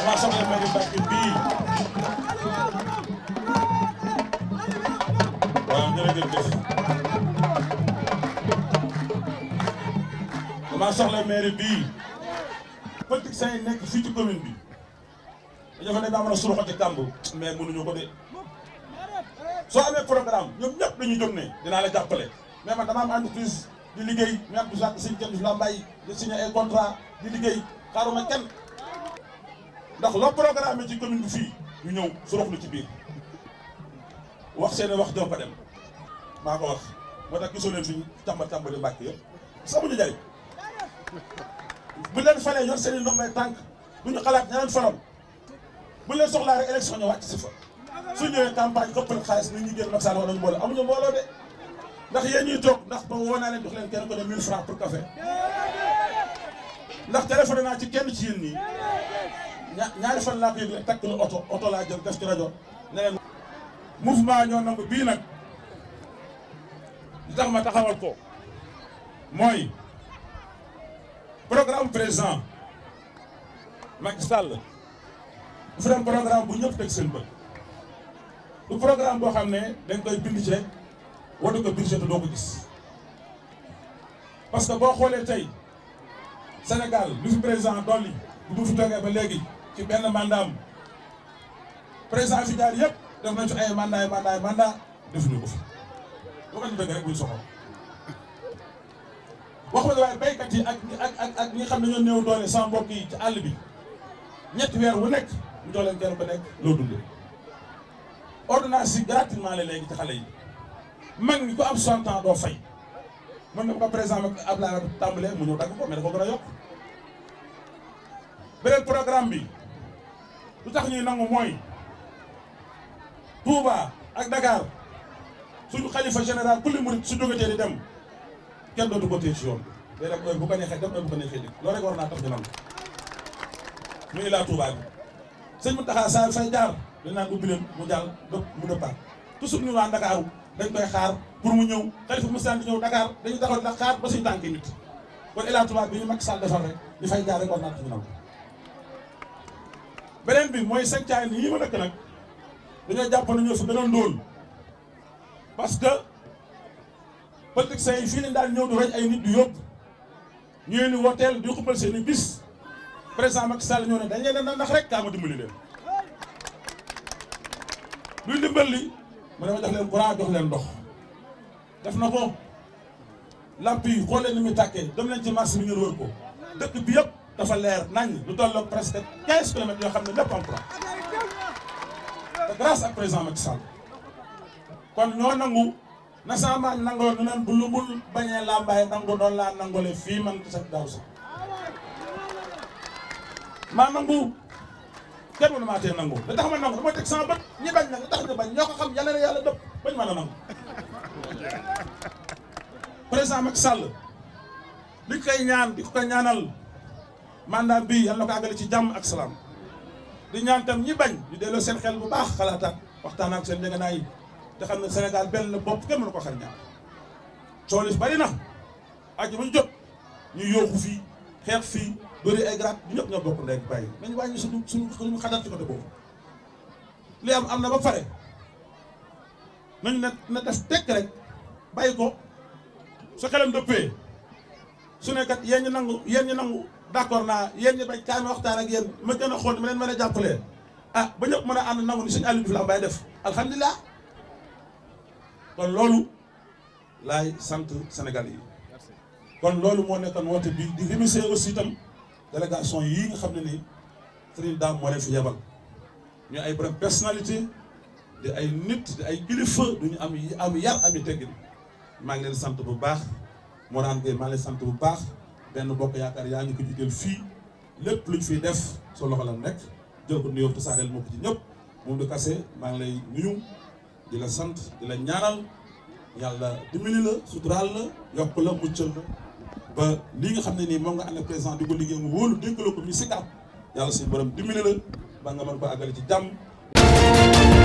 ama soxla Mady Mbacke bii waaw jërëjëf dama soxla maire bii nekk fii ci commune bi dañoo fa ne daa mën a suruxo ci kàmb mais mënuñu ko de soo amee programme ñoom ñëpp dañuy jóg ne dinaa la jàppale mais ma dama am entreprise di liggéey même du sax si kenn du la mbay di signé ay contrat di liggéey xaaruma kenn ndax loo programme ci commune bi fii ñu ñëw su roxlu ci biir wax seen wax doo ko dem maa ko wax moo tax gisoo leen fi tàmbal tàmbali mbàkk yëpp samuñu jariñ bu leen falee yor seen i ndox may tànk duñu xalaat ña leen faral bu leen soxlaa rek élection ñu wàcc si fa su ñëwee campagne ëppal xaalis ni ñu génn Macky Sall war nañu mbooloo amuñu mbooloo de ndax yéen ñuy toog ndax ba woo naa leen jox leen kenn ko ne 1000 francs pour café ndax téléphoné naa ci kenn ci yéen nii ñaari fan laa ko yëg takk na oto oto laa jël gas ci rajo ne leen mouvement ñoo nangu bii nag li tax ma taxawal ko mooy programme président Macky Sall bu fi dem programme bu ñëpp o seen o du programme boo xam ne dañ koy bind ci rek watu ko budget doo ko gis parce que boo xoolee tey Sénégal lu fi président dolli bu fi toogee ba léegi ci benn mandat am président fi jaar yëpp def nañ fi ay mandat yi mandat yi mandat defuñu ko fi boo ko dëgg rek buñ soxla wax nga waaye béykat yi ak ak ak ak ñi xam ne ñoo néew doole sama mbokk yi ci àll bi ñetti weer wu nekk ñu jox leen kenn ba nekk loo dundee ordonnance yi gratuitement la léegi ci xale yi mag ñi ko am 60 ans doo fay mën na ko président ak Abdoulaye tàmbalee mu ñëw dagg ko mais dafa gën a yokk beneen programme bi. lu tax ñuy nangu mooy Touba ak Dakar suñu xalifa général kulli mu su jógatee di dem kenn dootu ko téye si yoon day def bu ko neexee def heure bu ko neexee dégg loolu rek war naa tax ñu laa Touba bi sëñ mu taxaa saa fay jaar dañ naan ubbi leen mu jàll dëpp mu dëppaat toujours ñu waa Dakar dañ koy xaar pour mu ñëw xalifa mu sànni ñëw Dakar dañu taxaw ndax xaar ba suñu tànk nit kon Ila Touba bi ñu Macky Sall defar rek fay jaar rek war naa tax ñu nangu beneen bi mooy sàncaani yi ma dëkk nag dañoo jàpp ne ñoo fi gën a ndóol parce que politiciens yi fii lañ daan ñëw di roj ay nit di yóbbu ñu leen di wooteel di xumbal seen i bis président Macky Sall ñoo ne dañ leen a ndax rek kaa ma dimbali leen. luy ndimbal li mu ne jox leen courant jox leen ndox def na ko lamp yi xool leen ni muy tàkkee dem leen ci marché bi ngeen wër ko dëkk bi yëpp. dafa leer nañ lu tolloog presque 15 kilomètres yoo xam ne lépp emploi te grâce ak président nangu na sama nangoo nu leen bu lu bul bañee làmbaay nangu doon laa nangole nangu kenn mënu maa nangu li tax ma nangu dama teg sama bët ñi bañ na nga tax ñu bañ ñoo ko xam yàlla na yàlla dëpp bañ ma la nangu président Macky Sall li koy ñaan di mandat bii yàlla na ko àggale ci jàmm ak salaam di ñaan tam ñi bañ ñu delloo seen xel bu baax xalaataat waxtaan ak seen njëgënaay yi te xam ne Sénégal benn bopp kenn mënu ko xar ñaar coolis bari na aju bu ñu jot ñu yóoxu fii xeex fii bëri ay garaat bu ñëpp ñoo bokk ndey bàyyi nañu wàññi suñu suñu suñu xadaat ci côté boobu li am am na ba pare nañ ne na des tekk rek bàyyi ko su xelam dëppee su nekkat yéen ñu nangu yéen ñu nangu d'accord naa yéen ñi bañ waxtaan ak yéen ma gën a xool ma leen mën a jàppalee ah ba ñëpp mën a ànd naw ni suñu Aliou Diouf la am bay def alhamdulilah kon loolu laay sant Sénégal yi kon loolu moo nekkoon woote bii di remercier aussi itam délégation yii nga xam ne nii Serigne Dame moo leen yebal ñu ay borom personnalité di ay nit di ay kilifa duñu am am yar am teggin maa ngi leen sant bu baax moo daan maa ngi sant bu baax benn bokk yaakaar yaa ngi ko jiital fii lépp luñ fiy def sa loxo la nekk jël ko nuyoo tasaareel moo ko ci ñëpp moom di kase maa ngi lay nuyu dina sant di la ñaanal yàlla dimbali la su suturaal la yokk la muccal la ba li nga xam ne nii moom nga ànd ak président di ko liggéey mu wóolu dénk la ko mi si kàpp yàlla suñu borom dimbali la ba nga mën ko àggale ci jàmm.